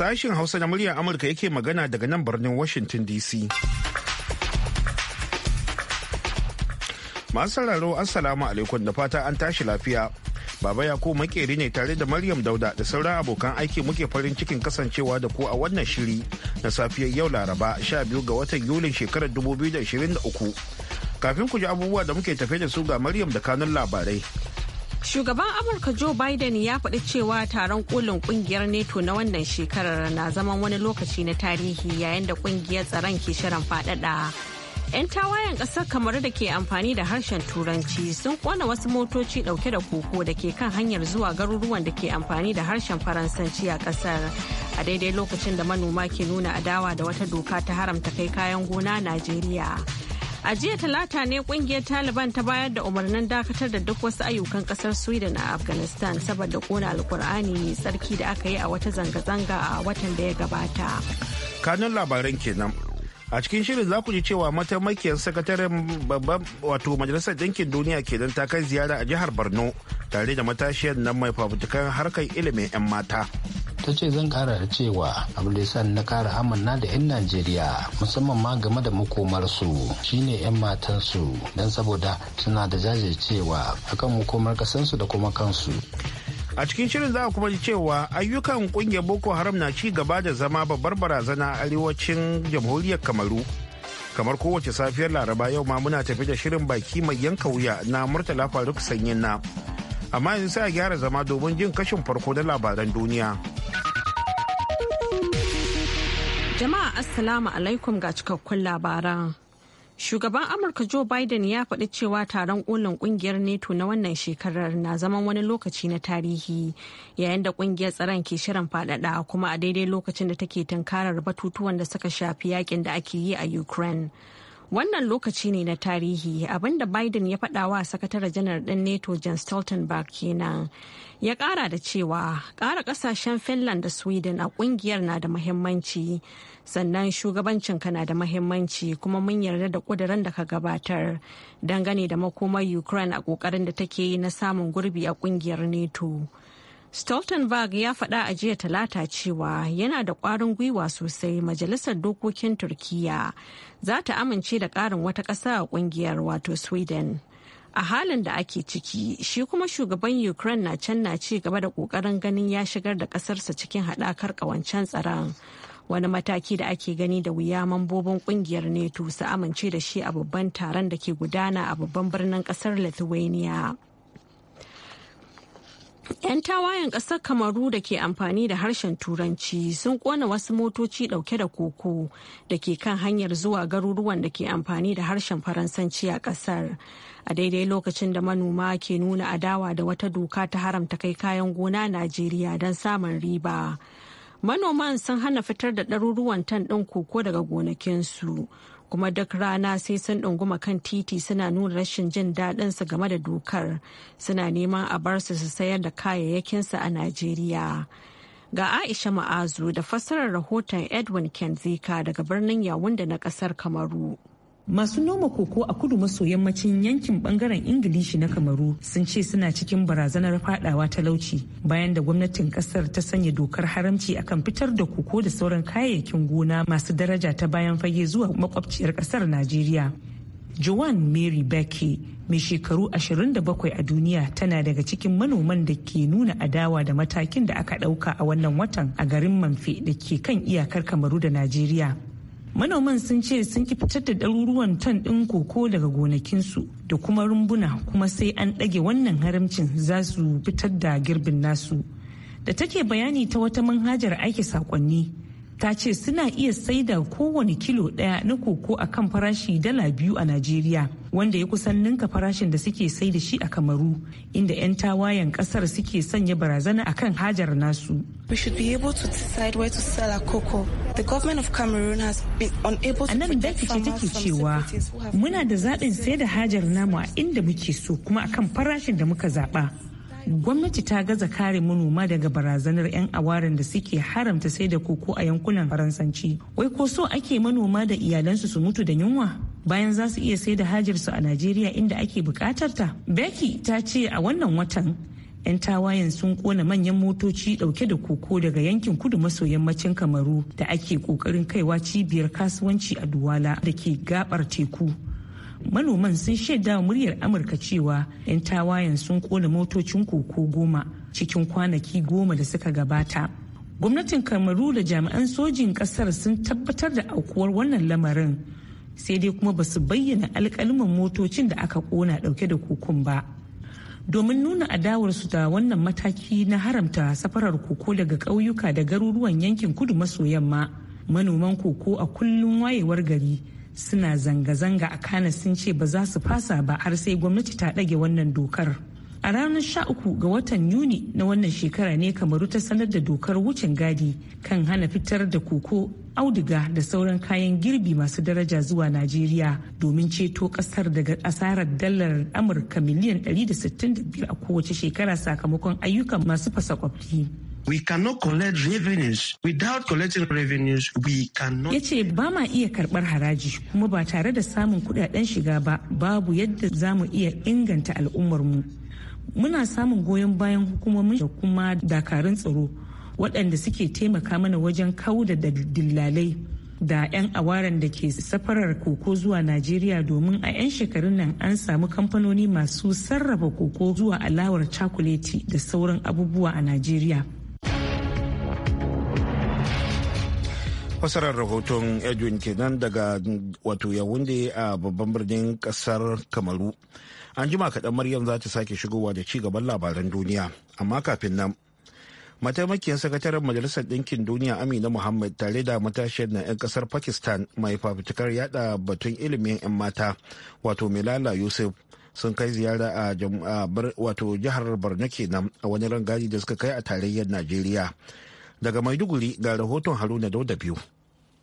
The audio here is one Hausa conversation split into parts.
Sashen Hausa na muryar Amurka yake magana daga nan birnin Washington DC. Masu sauraro Assalamu alaikum da fata an tashi lafiya. Baba Yakubu makeri ne tare da Maryam Dauda da sauran abokan aiki muke farin cikin kasancewa da ku a wannan shiri na safiyar yau Laraba 12 ga watan Yulin shekarar 2023. Kafin ku ji abubuwa da muke tafe da su ga Maryam da kanun labarai. Shugaban Amurka Joe Biden ya faɗi cewa taron kolin ƙungiyar NATO na wannan shekarar na zaman wani lokaci na tarihi yayin da ƙungiyar tsaron ke shirin faɗaɗa. 'Yan tawayen ƙasar kamar da ke amfani da harshen Turanci sun ƙona wasu motoci ɗauke da koko da ke kan hanyar zuwa garuruwan da ke amfani da harshen Faransanci a ƙasar. A daidai lokacin da manoma ke nuna adawa da wata doka ta haramta kai kayan gona Najeriya. A jiya talata ne kungiyar Taliban ta bayar da umarnin dakatar da duk wasu ayyukan kasar Sweden a Afghanistan saboda kona alkur'ani mai tsarki da aka yi a wata zanga-zanga a watan da ya gabata. Kanun labaran kenan. A cikin shirin za ku ji cewa mataimakiyar sakataren babban wato majalisar ɗinkin duniya ke kenan ta kai ziyara a jihar Borno tare da matashiyar nan mai fafutukan harkar ilimin 'yan mata. ta ce zan kara da cewa abu da yasa na kara amanna da 'yan najeriya musamman ma game da makomarsu shine 'yan matansu don saboda suna da jajircewa akan makomar kasansu da kuma kansu a cikin shirin za a kuma ji cewa ayyukan kungiyar boko haram na ci gaba da zama babbar barazana arewacin jamhuriyar kamaru kamar kowace safiyar laraba yau ma muna tafi da shirin baki mai yanka wuya na murtala faruk sanyin na amma yanzu sai a gyara zama domin jin kashin farko na labaran duniya. Jama'a Assalamu alaikum ga cikakkun labaran. Shugaban Amurka Joe Biden ya faɗi cewa taron kolin kungiyar neto na wannan shekarar na zaman wani lokaci na tarihi yayin da kungiyar tsaron ke shirin faɗaɗa kuma a daidai lokacin da take tunkarar batutuwan da suka shafi yakin da ake yi a Ukraine. Wannan lokaci ne na tarihi abinda Biden ya faɗa wa sakatare janar ɗin NATO John Stoltenberg kenan. Ya ƙara da cewa ƙara ƙasashen Finland da Sweden a ƙungiyar na da mahimmanci, sannan shugabancin ka na da mahimmanci kuma mun yarda da ƙudurin da ka gabatar dangane da makomar Ukraine a ƙoƙarin da take yi na samun gurbi a ƙungiyar NATO. Stoltenberg ya faɗa a jiya talata cewa yana da ƙwarin gwiwa sosai majalisar dokokin turkiya za ta amince da ƙarin wata ƙasa a ƙungiyar wato Sweden. A halin da ake ciki, shi kuma shugaban Ukraine na can na ci gaba da ƙoƙarin ganin ya shigar da ƙasarsa cikin haɗakar ƙawancen tsaron. Wani mataki da ake gani da wuya mambobin ƙungiyar NATO su amince da shi a babban taron da ke gudana a babban birnin ƙasar Lithuania. 'Yan tawayen ƙasar Kamaru da ke amfani da harshen Turanci sun ƙona wasu motoci ɗauke da koko da ke kan hanyar zuwa garuruwan da ke amfani da harshen Faransanci a ƙasar. A daidai lokacin da manoma ke nuna adawa da wata doka ta haramta kai kayan gona Najeriya don samun riba. Manoman sun hana fitar da ɗaruruwan tan ɗin koko daga gonakinsu. kuma duk rana sai sun ɗunguma kan titi suna nuna rashin jin daɗinsu game da dokar suna neman a bar su su sayar da kayayyakinsu a najeriya ga aisha ma'azu da fassarar rahoton edwin kenzika daga birnin yawun da na ƙasar kamaru Masu noma koko a kudu maso yammacin yankin bangaren Ingilishi na Kamaru sun ce suna cikin barazanar fadawa talauci bayan da gwamnatin kasar ta sanya dokar haramci akan fitar da koko da sauran kayayyakin gona masu daraja ta bayan fage zuwa makwabciyar kasar Najeriya. Joan Mary Becky mai shekaru 27 a duniya tana daga cikin manoman da ke nuna adawa da matakin da aka ɗauka a wannan watan a garin Manfe da ke kan iyakar Kamaru da Najeriya. manoman sun ce sun ki fitar da ɗaruruwan ton ɗin koko daga gonakinsu da kuma rumbuna kuma sai an ɗage wannan haramcin za su fitar da girbin nasu da take bayani ta wata manhajar aiki saƙonni. ta ce suna iya saida kowane kilo daya na koko a kan farashi dala biyu a Najeriya wanda ya kusan ninka farashin da suke sai da shi a Kamaru inda 'yan tawayen kasar suke sanya barazana a kan hajar nasu. A nan da able ce take cewa muna da zaɓin sai da hajar namu a inda muke so kuma akan farashin da muka zaɓa. gwamnati ta gaza kare manoma daga barazanar 'yan awaran da suke haramta sai da koko a yankunan faransanci wai ko so ake manoma da iyalansu su mutu da yunwa bayan za su iya sai da hajarsu a najeriya inda ake bukatar ta becky ta ce a wannan watan 'yan tawayen sun kona manyan motoci dauke da koko daga yankin kudu maso yammacin kamaru da ake kokarin kaiwa cibiyar kasuwanci a duwala da ke gabar teku manoman sun shaida muryar amurka cewa 'yan tawayen sun kona motocin koko goma cikin kwanaki goma da suka gabata gwamnatin kamaru da jami'an sojin kasar sun tabbatar da aukuwar wannan lamarin sai dai kuma ba su bayyana alkalman motocin da aka kona dauke da kokon ba domin nuna adawarsu da wannan mataki na haramta safarar koko daga ƙauyuka da garuruwan yankin kudu maso yamma manoman koko a kullum wayewar gari suna zanga-zanga a kana sun ce ba za su fasa ba har sai gwamnati ta ɗage wannan dokar a ranar 13 ga watan yuni na wannan shekara ne kamaru ta sanar da dokar wucin gadi kan hana fitar da koko auduga da sauran kayan girbi masu daraja zuwa najeriya domin ceto kasar daga asarar dalar amurka miliyan 165 a kowace shekara sakamakon ayyukan masu fasa kwafi We cannot collect revenues. Without collecting revenues, we cannot. yace ba ma iya karɓar haraji kuma ba tare da samun kudaden shiga ba babu yadda za mu iya inganta al'ummar mu. Muna samun goyon bayan hukumomin da kuma dakarun tsaro waɗanda suke taimaka mana wajen kauda da dillalai da 'yan awaran da ke safarar koko zuwa Najeriya domin a 'yan shekarun nan an samu kamfanoni masu sarrafa koko zuwa alawar cakuleti da sauran abubuwa a Najeriya. fasarar rahoton edwin kenan daga wato yawunde a babban birnin kasar kamaru an jima kaɗan maryam za ta sake shigowa da ci gaban labaran duniya amma kafin nan mataimakin sakataren majalisar ɗinkin duniya amina muhammad tare da matashiyar na 'yan kasar pakistan mai fafutukar yada batun ilimin 'yan mata wato milala yusuf sun kai ziyara a wato jihar borno kenan a wani rangaji da suka kai a tarayyar najeriya Daga Maiduguri ga rahoton Haruna Dauda biyu.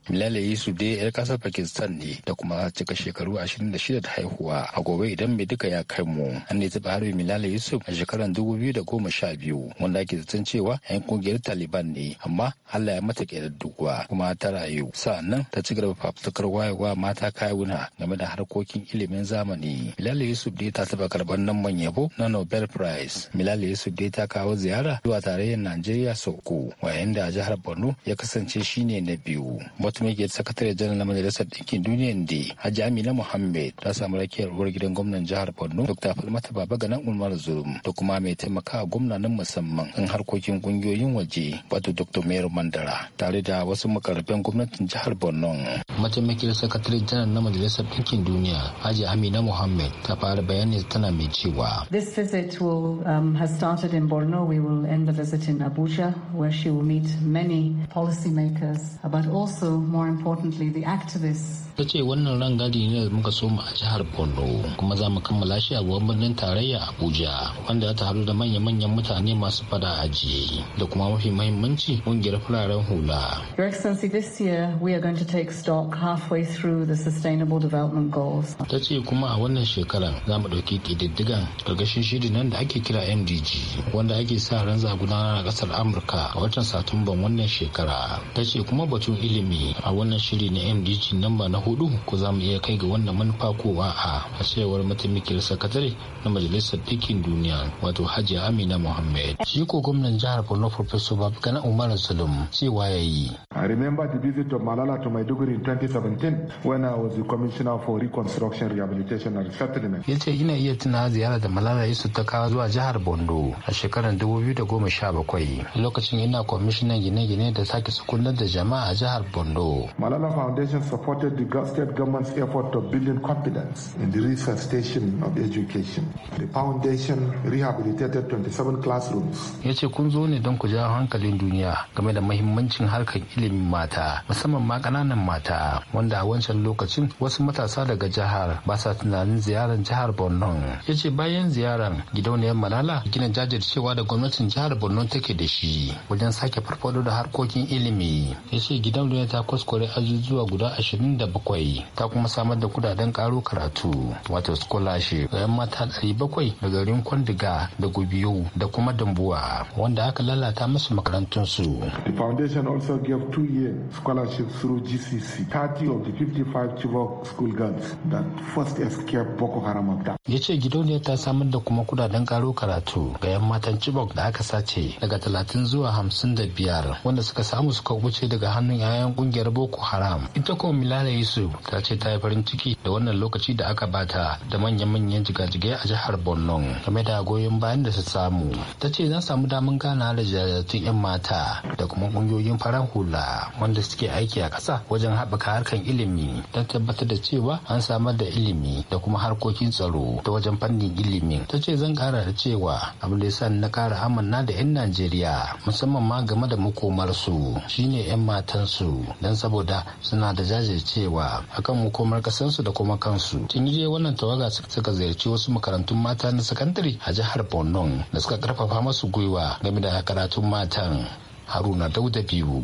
Bilal Yusuf dai 'yar kasar Pakistan ne da kuma cika shekaru 26 da haihuwa a gobe idan mai duka ya kai mu. An ne taɓa harbi Bilal Yusuf a shekarar 2012 wanda ake zaton cewa 'yan kungiyar Taliban ne amma Allah ya mata duguwa kuma ta rayu. Sa'annan ta ci gaba fafutukar wayewa mata kayuna game da harkokin ilimin zamani. Bilal Yusuf dai ta taba karɓar nan man yabo na Nobel Prize. Bilal Yusuf dai ta kawo ziyara zuwa tarayyar Najeriya sau uku wayayin da jihar Borno ya kasance shine na biyu. da sakatare janar na majalisar ɗinkin duniya da hajji amina muhammed ta samu rakiyar uwar gidan gwamnan jihar borno dr falmata babaganan umar zurum da kuma mai taimakawa gwamna na musamman in harkokin kungiyoyin waje wato dr mayar mandara tare da wasu makarraben gwamnatin jihar borno mataimakiyar sakatare janar na majalisar ɗinkin duniya hajji amina muhammed ta fara bayani tana mai cewa this visit will um, has started in borno we will end the visit in abuja where she will meet many policymakers but also more importantly, the activists ta ce wannan rangadi ne da muka soma a jihar borno kuma za mu kammala shi a babban birnin tarayya abuja wanda ta haɗu da manya-manyan mutane masu fada ajiye, da kuma mafi mahimmanci ƙungiyar fararen hula your excellency this year we are going to take stock halfway through the sustainable development goals ta ce kuma a wannan shekaran za mu ɗauki ƙididdigan ƙarƙashin shirin nan da ake kira mdg wanda ake sa ran za gudanar a ƙasar amurka a watan satumban wannan shekara ta ce kuma batun ilimi a wannan shiri na mdg namba na hudu ku za mu iya kai ga wannan manufa kowa a cewar mataimakin sakatare na majalisar ɗinkin duniya wato hajji amina muhammad shi ko gwamnan jihar borno professor babgana umar zulum cewa ya yi i remember the visit of malala to maiduguri in 2017 when i was the commissioner for reconstruction rehabilitation and settlement ya ce ina iya tuna ziyara da malala yusuf ta kawo zuwa jihar borno a shekarar 2017 lokacin ina kwamishinan gine-gine da sake sukunar da jama'a a jihar borno malala foundation supported the state government's effort of building confidence in the resuscitation of education. The foundation rehabilitated 27 classrooms. Ya ce kun zo ne don ku jawo hankalin duniya game da mahimmancin harkar ilimin mata, musamman ma ƙananan mata, wanda a wancan lokacin wasu matasa daga jihar ba sa tunanin ziyarar jihar Borno. Ya ce bayan ziyarar gidauniyar Malala gina jajircewa da gwamnatin jihar Borno take da shi wajen sake farfado da harkokin ilimi. Ya ce gidauniyar ta kuskure azuzuwa guda 27 bakwai ta kuma samar da kudaden karo karatu wato scholarship ga 'yan mata ɗari bakwai da garin kwandiga da gubiyo da kuma dambuwa wanda aka lalata musu makarantunsu. The foundation also gave two year scholarship through GCC 30 of the 55 Chibok school girls that first escaped Boko Haram that. Ya ce gidauniyar ta samar da kuma kudaden karo karatu ga 'yan matan Chibok da aka sace daga talatin zuwa hamsin da biyar wanda suka samu suka wuce daga hannun 'ya'yan kungiyar Boko Haram. Ita kuma Milala Yusuf salisu ta ce ta yi farin ciki da wannan lokaci da aka bata da manyan manyan jigajigai a jihar borno game da goyon bayan da su samu ta ce zan samu damar gana da jajatun 'yan mata da kuma ƙungiyoyin farar hula wanda suke aiki a ƙasa wajen haɓaka harkan ilimi don tabbatar da cewa an samar da ilimi da kuma harkokin tsaro ta wajen fannin ilimi ta ce zan ƙara da cewa abin da ya na ƙara amanna da 'yan najeriya musamman ma game da makomarsu shine 'yan matansu don saboda suna da jajircewa arewa akan makomar kasansu da kuma kansu tun yi wannan tawaga suka ziyarci wasu makarantun mata na sakandare a jihar borno da suka karfafa masu gwiwa game da karatun matan haruna dauda biyu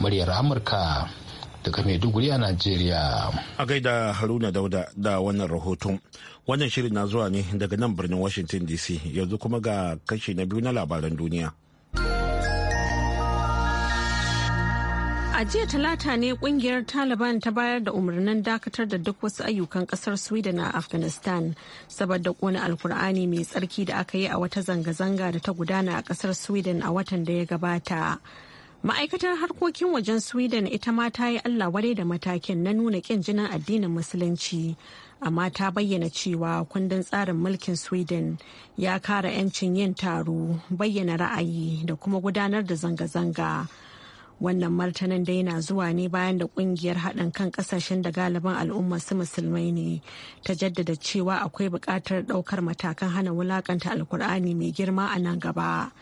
muryar amurka daga Maiduguri a Najeriya. A gaida Haruna Dauda da wannan rahoton. Wannan shirin na zuwa ne daga nan birnin Washington DC yanzu kuma ga kashi na biyu na labaran duniya. a jiya talata ne kungiyar Taliban ta bayar da umarnin dakatar da duk wasu ayyukan kasar Sweden a Afghanistan saboda kone alkur'ani mai tsarki da aka yi a wata zanga-zanga da ta gudana a kasar Sweden a watan da ya gabata. Ma'aikatar harkokin wajen Sweden ita ma ta yi Allah wadai da matakin na nuna kin jinin addinin Musulunci, amma ta bayyana cewa kundin tsarin mulkin Sweden ya kara 'yancin yin taro, bayyana ra'ayi da kuma gudanar da zanga-zanga. Wannan martanin dai na zuwa ne bayan da kungiyar haɗin kan ƙasashen da galibin al'umma su musulmai ne ta jaddada cewa akwai buƙatar ɗaukar matakan hana wulakanta alkur'ani mai girma a nan gaba.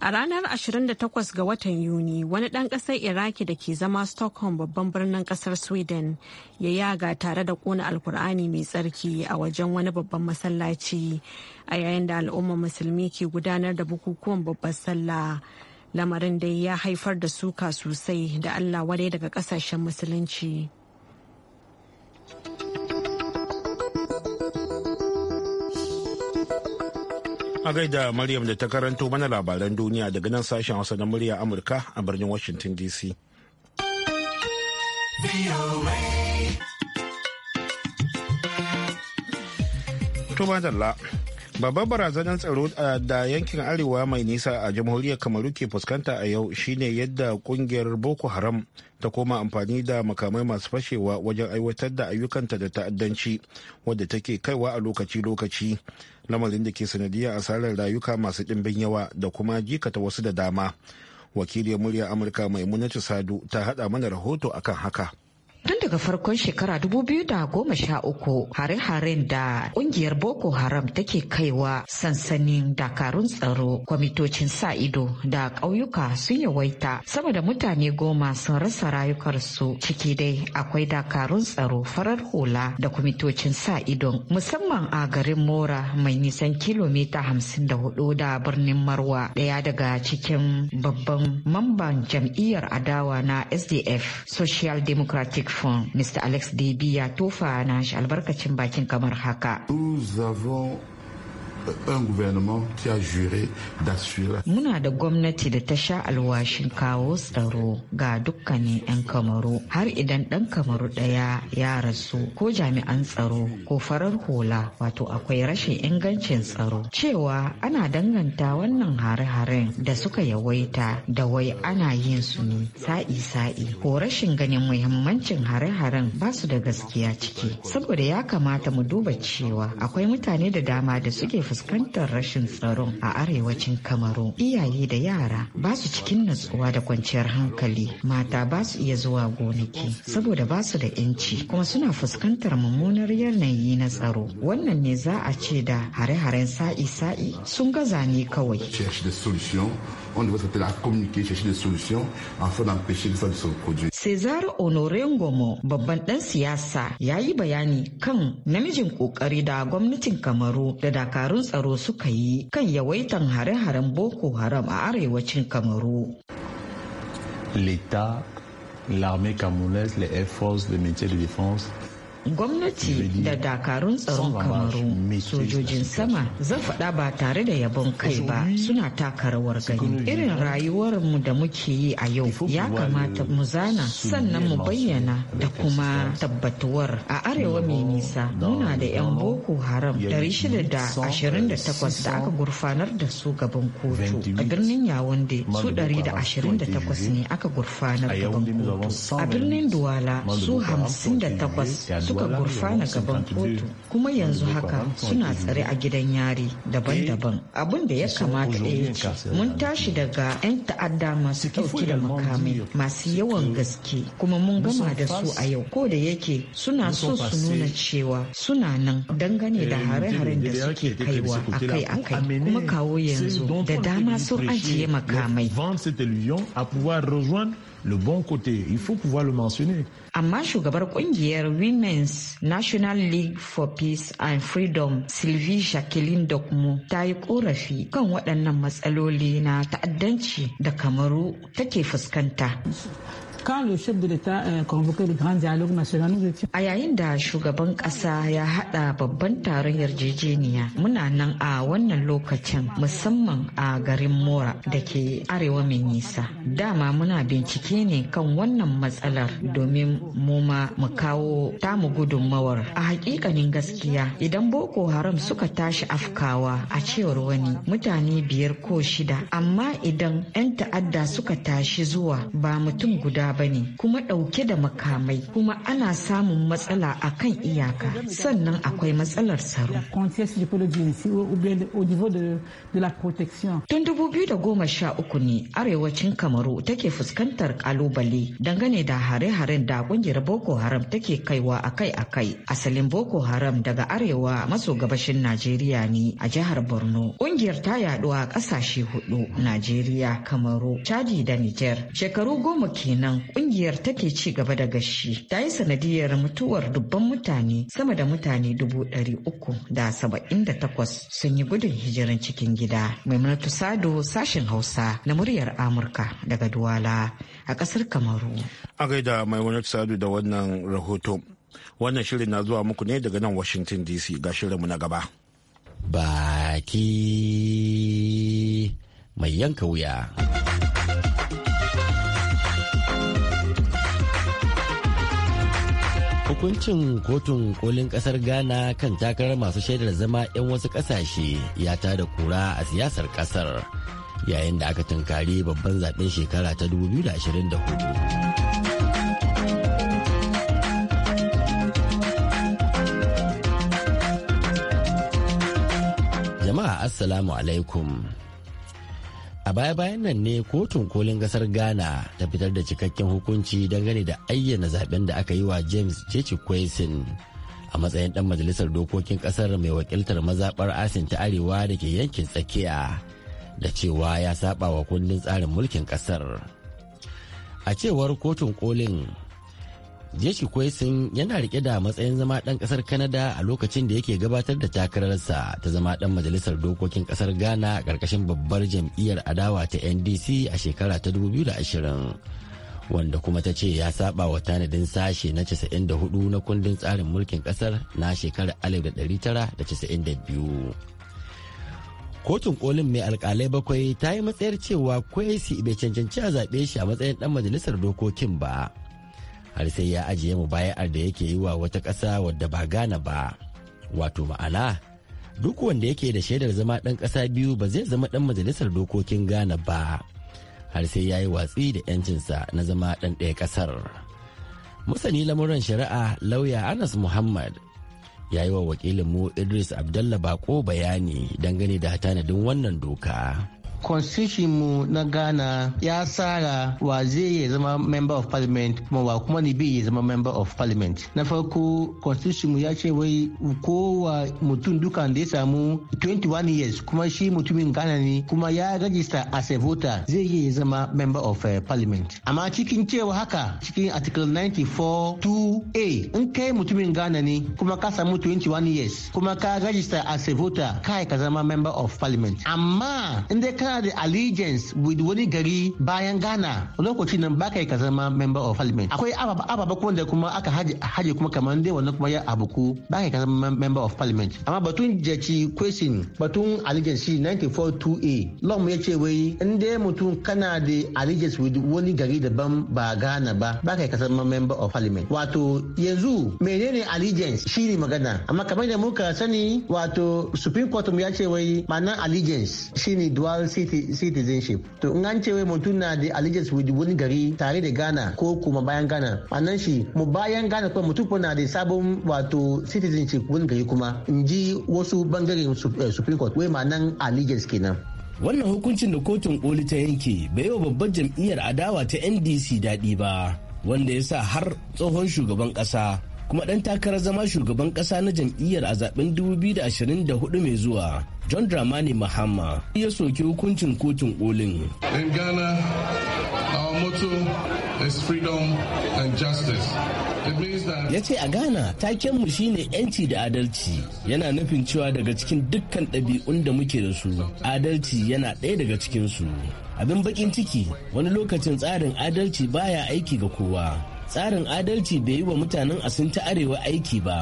A ranar 28 ga watan Yuni, wani ɗan ƙasar Iraki da ke zama Stockholm babban birnin ƙasar Sweden ya yaga tare da ƙona alkur'ani mai tsarki a wajen wani babban masallaci a yayin da al'umma musulmi ke gudanar da bukukuwan babbar sallah. lamarin dai ya haifar da suka sosai da allah wadai daga kasashen musulunci a gaida maryam da ta karanto mana labaran duniya daga nan sashen hausa na murya amurka a birnin washington dc to madalla babbar barazanar tsaro da yankin arewa mai nisa a jamhuriyar kamaru ke fuskanta a yau shine yadda kungiyar boko haram ta koma amfani da makamai masu fashewa wajen aiwatar da ayyukanta da ta'addanci wadda take kaiwa a lokaci-lokaci lamarin da ke sanadiyar asarar rayuka masu ɗimbin yawa da kuma jikata wasu da dama wakiliyar murya amurka maimunatu sadu ta haɗa mana rahoto akan haka Tun daga farkon shekara dubu biyu da goma sha uku, hare-haren da ƙungiyar Boko Haram take kaiwa sansanin dakarun tsaro kwamitocin sa ido da ƙauyuka sun yawaita sama da mutane goma sun rasa rayukarsu ciki dai akwai dakarun tsaro farar hula da kwamitocin sa ido musamman a garin Mora mai nisan kilomita hamsin da da birnin Marwa ɗaya daga cikin babban mamban jam'iyyar adawa na SDF Social Democratic Mr. Alex Debi ya tofa na shi albarkacin bakin kamar haka. un gouvernement qui a juré d'assurer. Muna da gwamnati da ta sha alwashin kawo tsaro ga dukkanin 'yan kamaru har idan ɗan kamaru ɗaya ya rasu ko jami'an tsaro ko farar hula wato akwai rashin ingancin tsaro cewa ana danganta wannan hare-haren da suka yawaita da wai ana yin su ne sa'i-sa'i ko rashin ganin muhimmancin hare-haren ba su da gaskiya ciki saboda ya kamata mu duba cewa akwai mutane da dama da suke fuskantar rashin tsaro a arewacin kamaru iyaye da yara ba su cikin natsuwa da kwanciyar hankali mata ba su iya zuwa gonaki saboda ba su da yanci kuma suna fuskantar mummunar yanayi na tsaro wannan ne za a ce da hare-haren sa'i-sa'i sun gaza ne kawai on chercher des solutions afin d'empêcher que ça ne se Cesar Honore Ngomo babban ɗan siyasa ya yi bayani kan namijin ƙoƙari da gwamnatin Kamaru da dakarun tsaro suka yi kan yawaitan hare-haren Boko Haram a arewacin Kamaru. L'État, l'armée camerounaise, les forces de métier de défense gwamnati da dakarun tsaron kamaru sojojin sama zan faɗa ba tare da yabon kai ba suna taka rawar gani irin rayuwar mu da muke yi a yau ya kamata mu zana sannan mu bayyana da kuma tabbatuwar a arewa mai nisa muna da 'yan boko haram 628 da aka gurfanar da su gaban kotu a birnin yawunde su 128 ne aka gurfanar gaban kotu a birnin duwala su 58 suka gurfana gaban kotu kuma yanzu haka suna tsare a gidan yari daban-daban eh, abin da ya kamata ɗaya ce mun tashi daga 'yan ta'adda masu ɗauki da makamai masu yawan gaske kuma mun gama da su a yau ko da yake suna so su nuna cewa suna nan dangane da eh, hare-haren da suke kaiwa akai-akai kuma kawo yanzu da dama sun ajiye makamai le bon côté. Il faut pouvoir le mentionner. Amma shugabar kungiyar Women's National League for Peace and Freedom, Sylvie Jacqueline Dokmo, ta yi korafi kan waɗannan matsaloli na ta'addanci da kamaru take fuskanta. le A yayin da shugaban ƙasa ya haɗa babban taron yarjejeniya muna nan a wannan lokacin musamman a garin Mora da ke arewa mai nisa. Dama muna bincike ne kan wannan matsalar domin mu ma mu kawo tamu gudunmawar. A hakikanin gaskiya idan Boko Haram suka tashi afkawa a cewar wani mutane biyar ko shida amma idan 'yan ta'adda suka tashi zuwa ba mutum guda ba ne kuma ɗauke da makamai kuma ana samun matsala a kan iyaka sannan akwai matsalar tsaro. Tun dubu biyu da goma sha uku ne arewacin Kamaru take fuskantar kalubale dangane da hare-haren da kungiyar Boko Haram take kaiwa akai-akai. Asalin Boko Haram daga arewa maso gabashin Najeriya ne a jihar Borno. Kungiyar ta yaduwa a ƙasashe hudu Najeriya, Kamaru, Chadi da Nijar. Shekaru goma kenan Ƙungiyar kungiyar take ci gaba da gashi ta yi sanadiyar mutuwar dubban mutane sama da mutane dubu ɗari uku da saba'in da takwas sun yi gudun hijiran cikin gida maimunatu sado sashen hausa na muryar amurka daga duwala a ƙasar kamaru a gaida maimunatu sado da wannan rahoto wannan shirin na zuwa muku ne daga nan washington dc ga shirinmu na gaba baki mai yanka wuya. Hukuncin kotun kolin kasar Ghana kan takarar masu shaidar zama 'yan wasu kasashe ya tada kura a siyasar kasar yayin da aka tunkari babban zaben shekara ta 2024. Jama'a Assalamu alaikum. a baya-bayan nan ne kotun kolin gasar ghana ta fitar da cikakken hukunci dangane da ayyana zaben da aka yi wa james jeci kwesin a matsayin dan majalisar dokokin kasar mai wakiltar mazabar asin ta arewa da ke yankin tsakiya da cewa ya saba wa kundin tsarin mulkin kasar a cewar kotun kolin jeshi kwaisin yana rike da matsayin zama ɗan ƙasar Kanada a lokacin da yake gabatar da takararsa ta zama ɗan majalisar dokokin ƙasar ghana a ƙarƙashin babbar jam'iyyar adawa ta ndc a shekara ta 2020 wanda kuma ta ce ya saba wa tanadin sashe na 94 na kundin tsarin mulkin ƙasar na shekarar 1992 kotun kolin mai alkalai bakwai ta yi matsayar cewa kwesi bai cancanci a zaɓe shi a matsayin ɗan majalisar dokokin ba har sai ya ajiye mu bayar da yake yi wa wata ƙasa wadda ba gana ba wato ma'ana duk wanda yake da shaidar zama ɗan ƙasa biyu ba zai zama ɗan majalisar dokokin gana ba har sai ya yi watsi da 'yancinsa na zama ɗan ɗaya ƙasar. Musani lamuran shari'a lauya Anas Muhammad ya yi wa wakilinmu Idris Abdallah Bako bayani dangane da tanadin wannan doka. constitution mu na ghana ya tsara wa zai ya zama member of parliament kuma wa kuma ni bi ya zama member of parliament na farko constitution mu ya ce wai kowa mutum dukan da ya samu 21 years kuma shi mutumin ghana ne kuma ya register as a voter zai iya zama member of uh, parliament amma cikin cewa haka cikin article 94 2a in kai mutumin ghana ne kuma ka samu 21 years kuma ka register as a voter kai ka zama member of parliament amma in ka kana da allegiance with wani gari bayan Ghana lokaci nan baka yi ka zama member of parliament akwai ababa kuma da kuma aka haje kuma kamar dai wannan kuma ya abuku baka yi ka zama member of parliament amma batun jaci question batun allegiance 2 a long ya ce wai in dai mutum kana da allegiance with wani gari daban ba Ghana ba baka yi ka zama member of parliament wato yanzu menene allegiance ne magana amma kamar da muka sani wato supreme court ya ce wai ma'anar allegiance ne dual citizenship to in an ce wai mutum na da allegiance with wani gari tare da Ghana ko kuma bayan Ghana nan shi mu bayan Ghana kuma mutum na da sabon wato citizenship wani gari kuma in ji wasu bangaren eh, Supreme Court wai nan allegiance kenan wannan hukuncin da kotun koli ta yanke bai yi wa babbar jam'iyyar adawa ta ndc daɗi ba wanda ya sa har tsohon shugaban ƙasa kuma ɗan takarar zama shugaban ƙasa na jam'iyyar a zaben 2024 mai zuwa john dramani mahama ya soki hukuncin kotun kolin in ghana our motto is freedom and justice ya ce a ghana takenmu shine yanci da adalci yana nufin cewa daga cikin dukkan ɗabi'un da muke da su adalci yana ɗaya daga cikinsu abin bakin ciki wani lokacin tsarin adalci baya aiki ga kowa tsarin adalci bai yi wa mutanen asin ta arewa aiki ba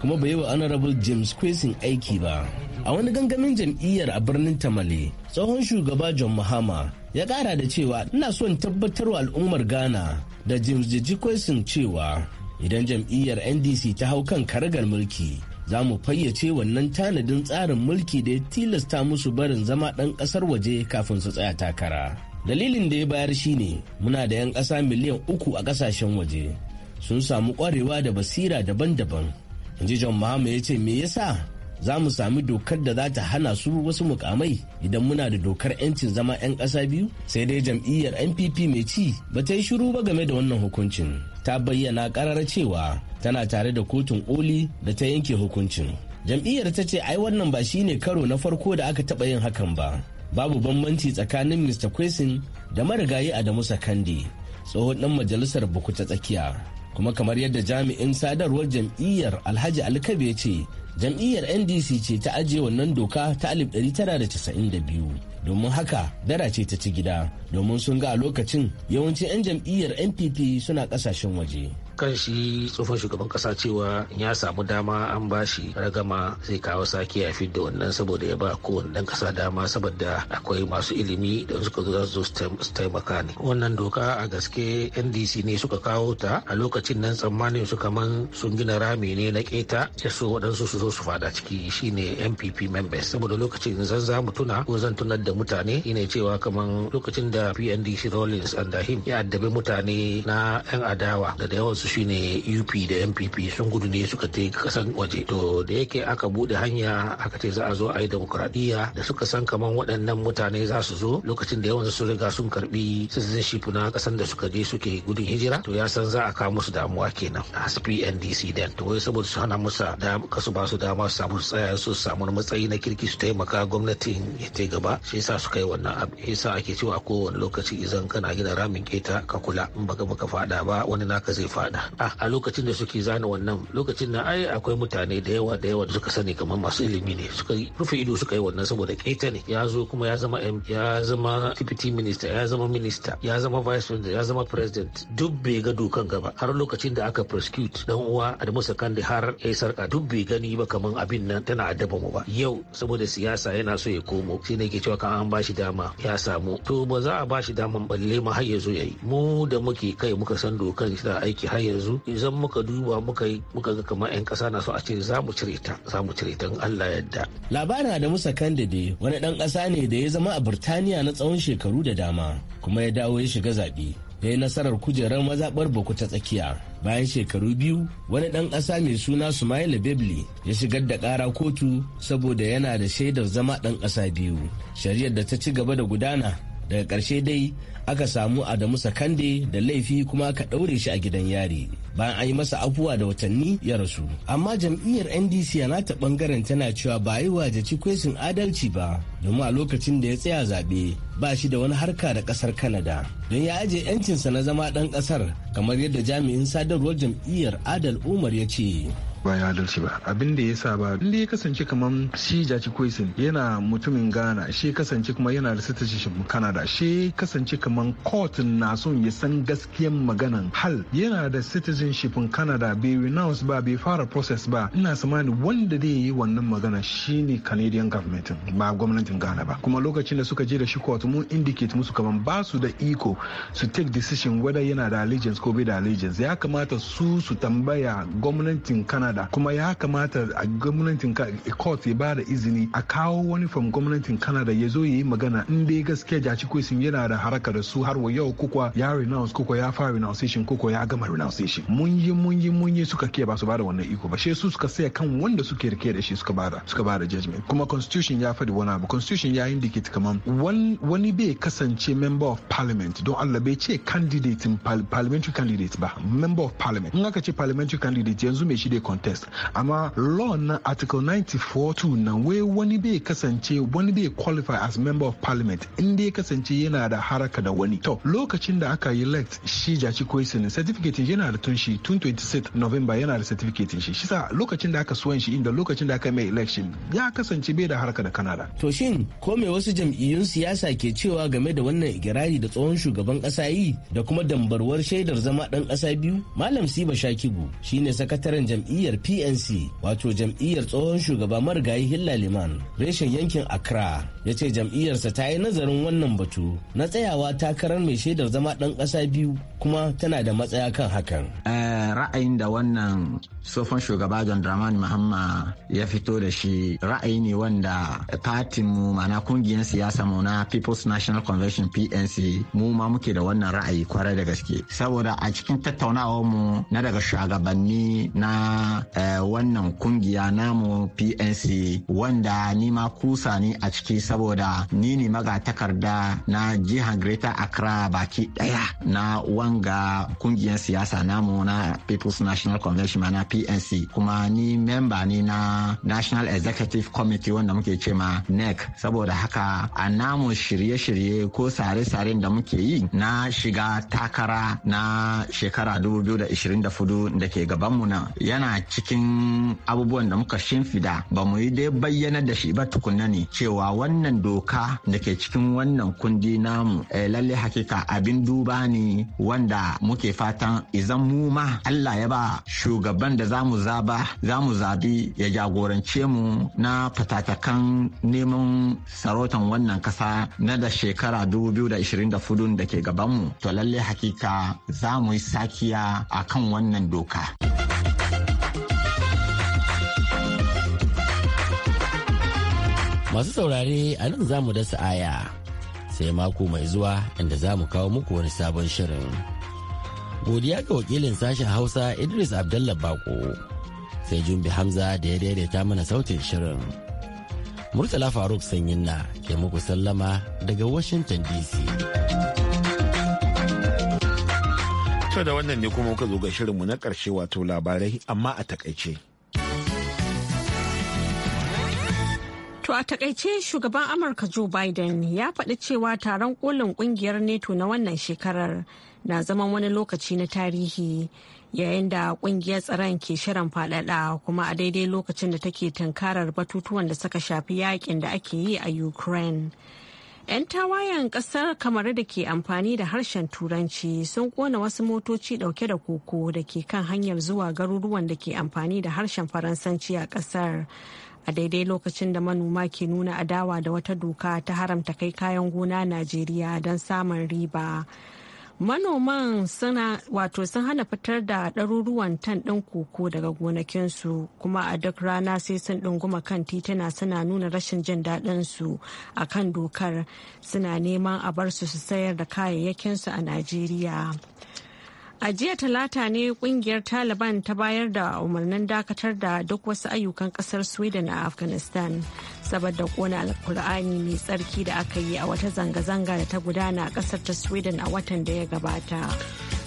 kuma bai yi wa honorable james Kwesin aiki ba a wani gangamin jam'iyyar a birnin tamale tsohon shugaba john mahama ya kara da cewa ina son wa al'ummar ghana da james jiji Creason cewa idan jam'iyyar ndc ta hau kan karagar mulki za mu fayyace wannan tanadin tsarin mulki da ya tilasta musu barin zama ɗan ƙasar waje kafin su tsaya takara. dalilin da ya bayar shine muna da 'yan ƙasa miliyan uku a ƙasashen waje sun samu ƙwarewa da basira daban-daban Inji ji john mahama ya ce me yasa za mu sami dokar da za ta hana su wasu mukamai idan muna da dokar 'yancin zama 'yan ƙasa biyu sai dai jam'iyyar npp mai ci ba ta yi shiru ba game da wannan hukuncin ta bayyana karar cewa tana tare da kotun oli da ta yanke hukuncin jam'iyyar ta ce ai wannan ba shine karo na farko da aka taɓa yin hakan ba babu bambanci tsakanin mr kwesin da marigayi adamu sakande tsohon dan majalisar bukuta tsakiya kuma kamar yadda jami'in sadarwar jam'iyyar alhaji alkabe ce jam'iyyar ndc ce ta ajiye wannan doka ta 1992 domin haka dara ce ta ci gida domin sun ga a lokacin yawancin 'yan jam'iyyar npp suna kasashen waje kan shi tsohon shugaban kasa cewa ya samu dama an bashi ragama zai kawo sake ya fi da wannan saboda ya ba kowane dan kasa dama saboda akwai masu ilimi da suka zo su taimaka ne wannan doka a gaske ndc ne suka kawo ta a lokacin nan tsammanin su kaman sun gina rami ne na keta ya so waɗansu su zo su fada ciki shine npp members saboda lokacin zan za mu tuna ko zan tunar da mutane ina cewa kaman lokacin da pndc rollins and him ya addabi mutane na yan adawa da da yawan su shine UP da MPP sun gudu ne suka je kasan waje to da yake aka bude hanya aka ce za a zo a yi demokradiyya da suka san kamar waɗannan mutane za su zo lokacin da yawan su riga sun karbi citizenship na kasan da suka je suke gudun hijira to ya san za a kawo musu damuwa kenan a PNDC den to wai saboda su hana musa da kasu ba su dama su samu tsaya su samu matsayi na kirki su taimaka gwamnatin ya ta gaba shi yasa suka yi wannan abu yasa ake cewa kowane lokaci idan kana gina ramin keta ka kula in baka baka fada ba wani naka zai fada faɗa a lokacin da suke zana wannan lokacin na ai akwai mutane da yawa da yawa da suka sani kamar masu ilimi ne suka rufe ido suka yi wannan saboda keta ne ya zo kuma ya zama ya zama deputy minister ya zama minister ya zama vice president ya zama president duk bai ga dokan gaba har lokacin da aka prosecute dan uwa Adamu Sakandi har ya sarka duk bai gani ba kamar abin nan tana addaba mu ba yau saboda siyasa yana so ya komo shi ne ke cewa kan an bashi dama ya samu to ba za a bashi daman balle ma har ya zo yayi mu da muke kai muka san dokan da aiki har yanzu idan muka duba muka yi muka ga kamar 'yan ƙasa na so a ce za mu cire ta za mu cire ta in Allah yadda. Labarin Adamu Sakandade wani ɗan ƙasa ne da ya zama a Burtaniya na tsawon shekaru da dama kuma ya dawo ya shiga zaɓe. Ya yi nasarar kujerar mazaɓar Boko ta tsakiya. Bayan shekaru biyu, wani ɗan ƙasa mai suna Sumaila Bebli ya shigar da ƙara kotu saboda yana da shaidar zama ɗan ƙasa biyu. Shari'ar da ta ci gaba da gudana daga ƙarshe dai aka samu adamu sakande da laifi kuma aka ɗaure shi a gidan yari bayan an yi masa afuwa da watanni ya rasu amma jam'iyyar ndc a ta ɓangaren tana cewa ba yi wa jaci kwesin adalci ba domin a lokacin da ya tsaya zaɓe ba shi da wani harka da ƙasar kanada don ya ajiye 'yancinsa na zama ɗan ƙasar kamar yadda jami'in sadarwar jam'iyyar adal umar ya ce ba ya adalci ba abin da ya sa ba inda ya kasance kamar shi jaci koisin yana mutumin ghana shi kasance kuma yana da citizenship canada shi kasance kamar court na son ya san gaskiyan maganan hal yana da citizenship canada bai renounce ba bai fara process ba ina samani wanda zai yi wannan magana shine canadian government ba gwamnatin ghana ba kuma lokacin da suka je da shi court mun indicate musu kamar ba su da iko su take decision whether yana da allegiance ko bai da allegiance ya kamata su su tambaya gwamnatin canada bada kuma ya kamata a gwamnatin court ya bada izini a kawo wani from gwamnatin Canada ya zo ya yi magana in dai gaskiya jaci kwesin yana da haraka da su har wa yau kuka ya renounce kuka ya fara renunciation kuka ya gama renunciation mun yi mun yi mun yi suka ke ba su bada wannan iko ba she su suka saya kan wanda suke rike da shi suka bada suka bada judgment kuma constitution ya faɗi wani abu constitution ya indicate kaman wani bai kasance member of parliament don Allah bai ce candidate parliamentary candidate ba member of parliament in aka ce parliamentary candidate yanzu mai shi dai test amma law na article 94 na wai wani bai kasance wani bai qualify as member of parliament in ya kasance yana da haraka da wani to lokacin da aka elect shi jaci koisin certificate yana da tun shi tun 26 november yana da certificate shi shi sa lokacin da aka suwan shi inda lokacin da aka mai election ya kasance bai da haraka da kanada to shin ko mai wasu jam'iyyun siyasa ke cewa game da wannan igirari da tsohon shugaban kasa yi da kuma dambarwar shaidar zama dan kasa biyu malam siba shakibu shine sakataren jam'iyyar jam'iyyar PNC wato jam'iyyar tsohon shugaba marigayi Hilla Liman reshen yankin Accra ya ce jam'iyyarsa ta yi nazarin wannan batu na tsayawa takarar mai shaidar zama ɗan ƙasa biyu kuma tana da matsaya kan hakan. Eh, ra'ayin da wannan tsofon shugaba John Dramani Mahama ya fito da shi ra'ayi ne wanda fatinmu ma'ana kungiyar siyasa mu na People's National Convention PNC mu ma muke da wannan ra'ayi kwarai da gaske. Saboda a cikin tattaunawar mu na daga shugabanni na Eh, wannan kungiya namu PNC wanda ni ma kusa ni a ciki saboda ni ne magatakarda na jihar Greater Accra baki daya na wanga kungiyar siyasa namu na People's National Convention na PNC kuma ni memba ni na National Executive Committee wanda muke ce ma NEC saboda haka a namu shirye-shirye ko sare-saren da muke yi na shiga takara na shekara 2024 da ke gabanmu na yana cikin abubuwan da muka shimfida ba mu yi dai bayyana da shi ba tukunna ne cewa wannan doka da ke cikin wannan kundi namu eh, lalle hakika abin duba ne wanda muke fatan izan mu ma Allah ya ba shugaban da zamu zaba zamu zabi ya jagorance mu na fatatakan neman sarautan wannan kasa na da shekara 2024 da ke gabanmu to lalle hakika za mu yi sakiya akan wannan doka. Masu saurare a nan za mu dasa aya sai mako mai zuwa inda za mu kawo muku wani sabon shirin. Godiya ga wakilin sashen Hausa Idris abdullah Bako sai Jumbi Hamza da ya daidaita mana sautin shirin. Murtala Faruk Sanyinna ke muku sallama daga Washington DC. To da wannan ne kuma muka zo ga shirinmu na ƙarshe wato labarai amma a takaice. To a takaice shugaban Amurka Joe Biden ya faɗi cewa taron kolin kungiyar NATO na wannan shekarar na zaman wani lokaci na tarihi yayin da kungiyar tsaron ke shirin faɗaɗa kuma a daidai lokacin da take tunkarar batutuwan da suka shafi yakin da ake yi a Ukraine. 'Yan tawayen ƙasar kamar da ke amfani da harshen turanci sun ƙona wasu motoci ɗauke da koko da ke kan hanyar zuwa garuruwan da ke amfani da harshen faransanci a ƙasar a daidai lokacin da manoma ke nuna adawa da wata doka ta haramta kai kayan gona najeriya don samun riba manoman suna wato sun hana fitar da ɗaruruwan tan ɗin koko daga gonakinsu kuma a duk rana sai sun ɗunguma kan tituna suna nuna rashin jin daɗinsu a kan dokar suna neman a bar su su sayar da kayayyakinsu a najeriya A jiya talata ne kungiyar Taliban ta bayar da umarnin dakatar da duk wasu ayyukan kasar Sweden a Afghanistan saboda kona alkur'ani mai tsarki da aka yi a wata zanga-zanga da ta gudana a kasar ta Sweden a watan da ya gabata.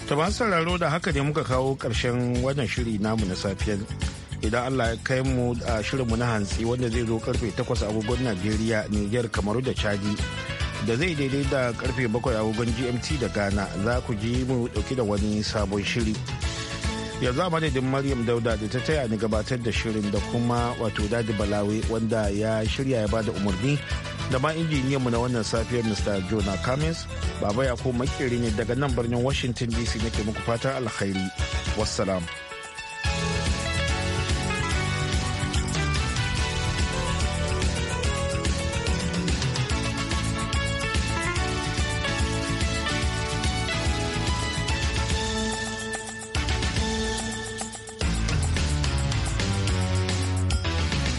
Ta sauraro da haka ne muka kawo ƙarshen wannan shiri namu na safiyar. idan Allah ya kai mu a shirinmu na hantsi wanda zai zo karfe 8 agogon Najeriya, Niger, Kamaru da Chadi. da zai daidai da karfe bakwai agogon gmt da ghana za ku ji mu dauki da wani sabon shiri yanzu a madadin maryam dauda da ta taya ni gabatar da shirin da kuma wato dadi balawe wanda ya shirya ya bada umarni da ma injiniyan mu na wannan safiyar mr jona cummins baba ya ko makeri ne daga nan birnin washington dc nake muku fatan alkhairi wassalam